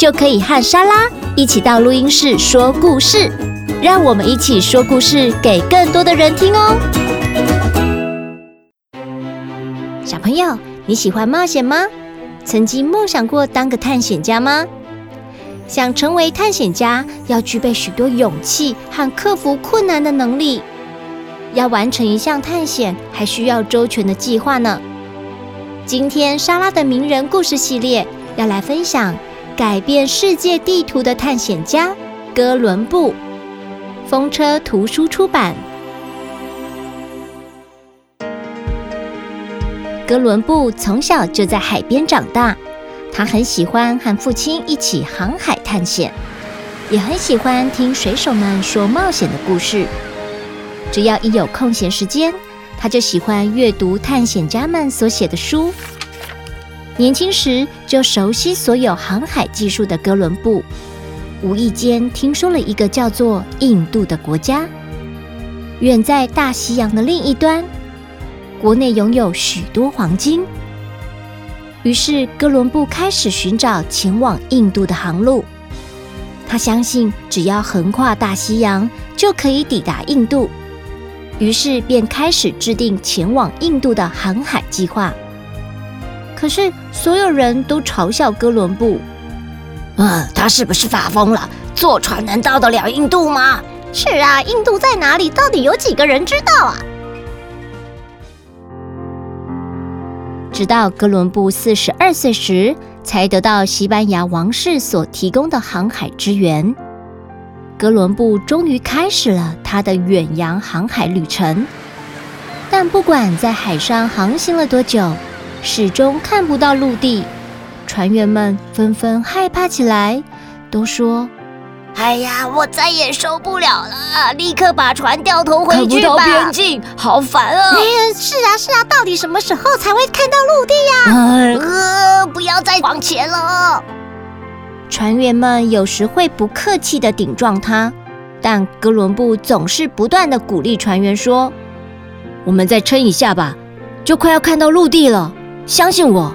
就可以和莎拉一起到錄音室說故事，讓我們一起說故事給更多的人聽哦。小朋友，你喜歡冒險嗎？曾經夢想過當個探險家嗎？想成為探險家，要具備許多勇氣和克服困難的能力。要完成一項探險，還需要周全的計劃呢。今天莎拉的名人故事系列要來分享。改變世界地圖的探險家哥倫布，風車圖書出版。哥倫布從小就在海邊長大，他很喜歡和父親一起航海探險，也很喜歡聽水手們說冒險的故事。只要一有空閒時間，他就喜歡閱讀探險家們所寫的書。年輕時就熟悉所有航海技術的哥倫布，無意間聽說了一個叫做印度的國家，遠在大西洋的另一端，國內擁有許多黃金。於是哥倫布開始尋找前往印度的航路，他相信只要橫跨大西洋就可以抵達印度，於是便開始制定前往印度的航海計劃。可是所有人都嘲笑哥倫布，啊，他是不是發瘋了？坐船能到得了印度嗎？是啊，印度在哪裡？到底有幾個人知道啊？直到哥倫布四十二歲時，才得到西班牙王室所提供的航海支援，哥倫布終於開始了他的遠洋航海旅程。但不管在海上航行了多久，始終看不到陸地，船員們紛紛害怕起來，都說：“哎呀，我再也受不了了！立刻把船掉頭回去吧！”看不到邊境，好煩啊，哎呀！是啊，是啊，到底什麼時候才會看到陸地呀，啊？啊、呃，不要再往前了。船員們有時會不客氣的頂撞他，但哥倫布總是不斷的鼓勵船員說：“嗯、我們再撐一下吧，就快要看到陸地了。”相信我，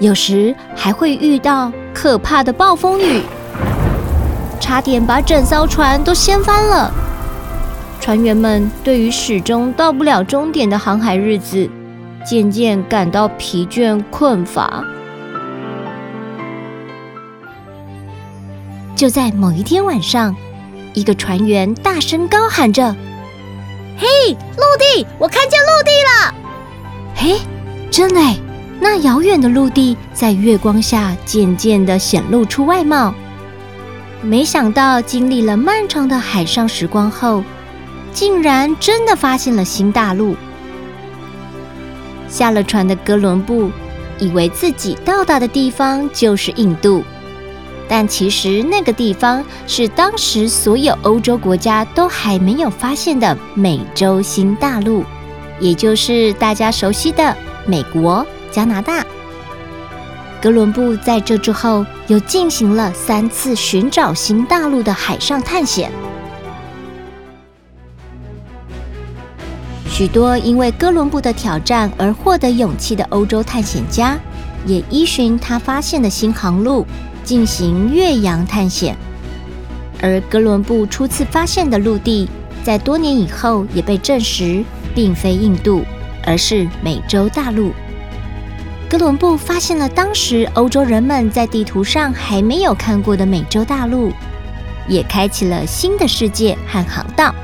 有時還會遇到可怕的暴風雨，差點把整艘船都掀翻了。船員們對於始終到不了終點的航海日子，漸漸感到疲倦困乏。就在某一天晚上，一個船員大聲高喊着：“嘿，陸地！我看見陸地了！”嘿。真誒，那遙遠的陸地在月光下漸漸地顯露出外貌。沒想到經歷了漫長的海上時光後，竟然真的發現了新大陸。下了船的哥倫布以為自己到達的地方就是印度，但其實那個地方是當時所有歐洲國家都還沒有發現的美洲新大陸，也就是大家熟悉的。美國、加拿大，哥倫布在這之後又進行了三次尋找新大陸的海上探險。許多因為哥倫布的挑戰而獲得勇氣的歐洲探險家，也依循他發現的新航路進行越洋探險。而哥倫布初次發現的陸地，在多年以後也被證實並非印度，而是美洲大陸，哥倫布發現了當時歐洲人們在地圖上還沒有看過的美洲大陸，也開啟了新的世界和航道，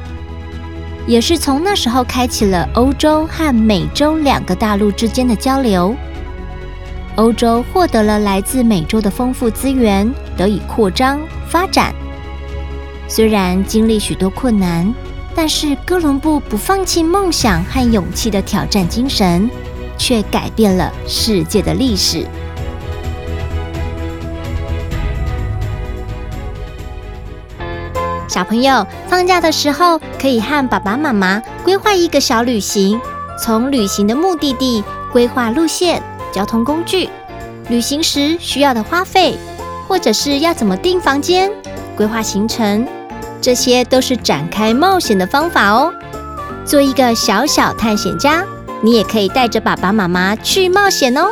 也是從那時候開啟了歐洲和美洲兩個大陸之間的交流。歐洲獲得了來自美洲的豐富資源，得以擴張發展。雖然經歷許多困難。但是哥倫布不放棄夢想和勇氣的挑戰精神，卻改變了世界的歷史。小朋友放假的時候，可以和爸爸媽媽規劃一個小旅行，從旅行的目的地規劃路線、交通工具，旅行時需要的花費，或者是要怎麼訂房間，規劃行程。這些都是展開冒險的方法哦。做一個小小探險家，你也可以帶着爸爸媽媽去冒險哦。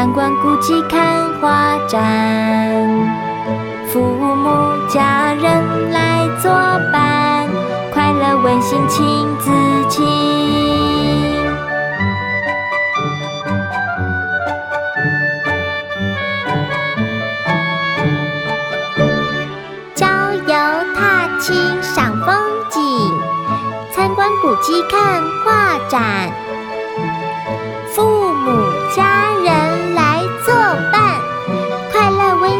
參觀古蹟看畫展，父母家人來作伴，快樂溫馨親子情。郊遊踏青賞風景，參觀古蹟看畫展。父母。